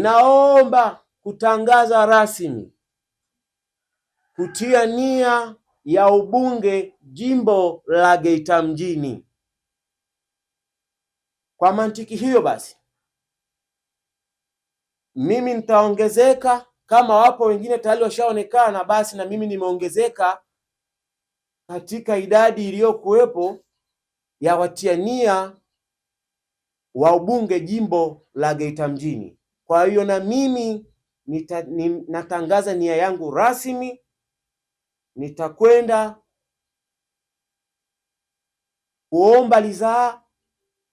Naomba kutangaza rasmi kutia nia ya ubunge jimbo la Geita mjini. Kwa mantiki hiyo basi, mimi nitaongezeka kama wapo wengine tayari washaonekana, basi na mimi nimeongezeka katika idadi iliyokuwepo ya watia nia wa ubunge jimbo la Geita mjini. Kwa hiyo na mimi nita, ni, natangaza nia yangu rasmi, nitakwenda kuomba ridhaa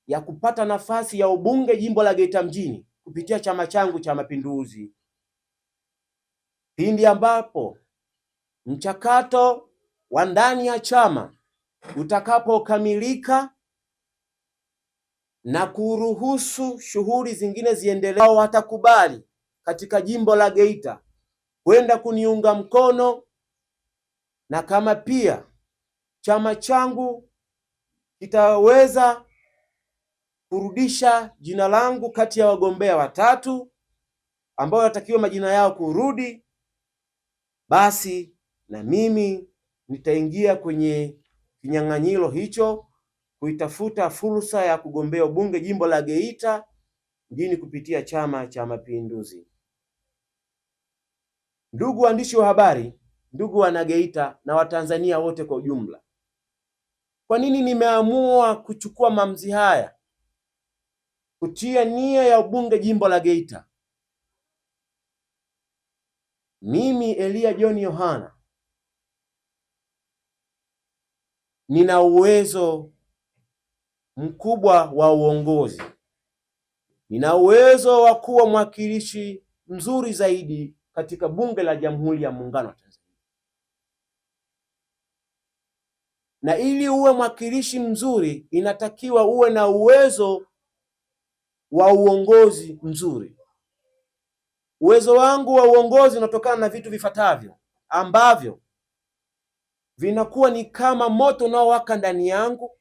ya kupata nafasi ya ubunge jimbo la Geita mjini kupitia chama changu cha Mapinduzi pindi ambapo mchakato wa ndani ya chama utakapokamilika na kuruhusu shughuli zingine ziendelee, watakubali katika jimbo la Geita kwenda kuniunga mkono, na kama pia chama changu kitaweza kurudisha jina langu kati ya wagombea watatu ambao watakiwa majina yao kurudi, basi na mimi nitaingia kwenye kinyang'anyiro hicho kuitafuta fursa ya kugombea ubunge jimbo la Geita mjini kupitia Chama cha Mapinduzi. Ndugu waandishi wa habari, ndugu geita na Watanzania wote kwa ujumla, kwa nini nimeamua kuchukua maamuzi haya kutia nia ya ubunge jimbo la Geita? Mimi Elia John Yohana nina uwezo mkubwa wa uongozi. Nina uwezo wa kuwa mwakilishi mzuri zaidi katika bunge la Jamhuri ya Muungano wa Tanzania. Na ili uwe mwakilishi mzuri, inatakiwa uwe na uwezo wa uongozi mzuri. Uwezo wangu wa uongozi unatokana na vitu vifuatavyo ambavyo vinakuwa ni kama moto unaowaka ndani yangu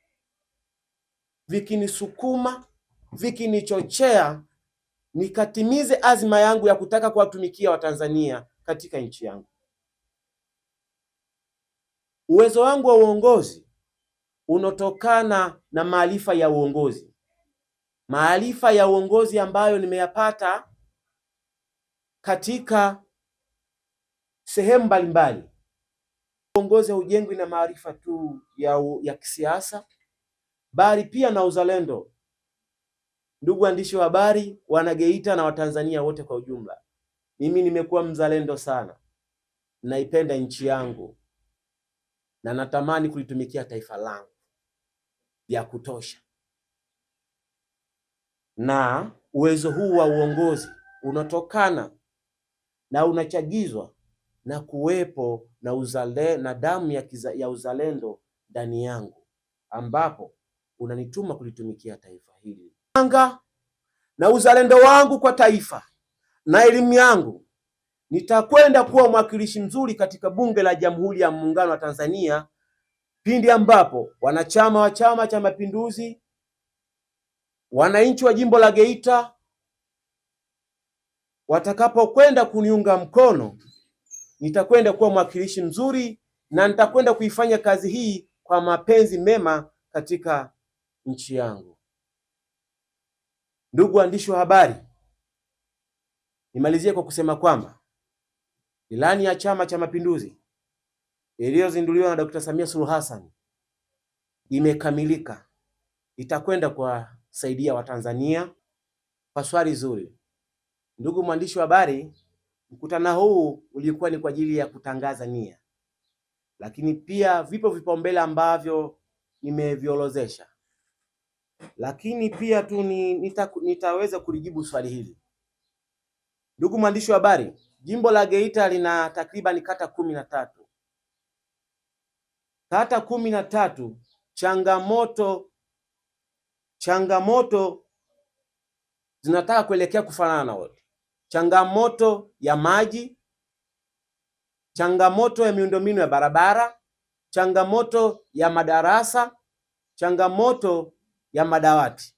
vikinisukuma, vikinichochea nikatimize azima yangu ya kutaka kuwatumikia Watanzania katika nchi yangu. Uwezo wangu wa uongozi unatokana na maarifa ya uongozi, maarifa ya uongozi ambayo nimeyapata katika sehemu mbalimbali. Uongozi haujengwi na maarifa tu ya, ya kisiasa bali pia na uzalendo. Ndugu waandishi wa habari, Wanageita na Watanzania wote kwa ujumla, mimi nimekuwa mzalendo sana, naipenda nchi yangu na natamani kulitumikia taifa langu vya kutosha, na uwezo huu wa uongozi unatokana na unachagizwa na kuwepo na uzale, na damu ya, kiza, ya uzalendo ndani yangu ambapo unanituma kulitumikia taifa hili anga na uzalendo wangu kwa taifa na elimu yangu, nitakwenda kuwa mwakilishi mzuri katika Bunge la Jamhuri ya Muungano wa Tanzania pindi ambapo wanachama wa Chama cha Mapinduzi, wananchi wa jimbo la Geita watakapokwenda kuniunga mkono, nitakwenda kuwa mwakilishi mzuri na nitakwenda kuifanya kazi hii kwa mapenzi mema katika nchi yangu. Ndugu waandishi wa habari, nimalizie kwa kusema kwamba ilani ya Chama cha Mapinduzi iliyozinduliwa na Dkt. Samia Suluhu Hassan imekamilika, itakwenda kuwasaidia Watanzania. Kwa swali zuri, ndugu mwandishi wa habari, mkutano huu ulikuwa ni kwa ajili ya kutangaza nia, lakini pia vipo vipaumbele ambavyo nimeviorozesha lakini pia tu ni, nita, nitaweza kulijibu swali hili. Ndugu mwandishi wa habari, jimbo la Geita lina takriban kata kumi na tatu. Kata kumi na tatu, changamoto changamoto zinataka kuelekea kufanana na wote, changamoto ya maji, changamoto ya miundombinu ya barabara, changamoto ya madarasa, changamoto ya madawati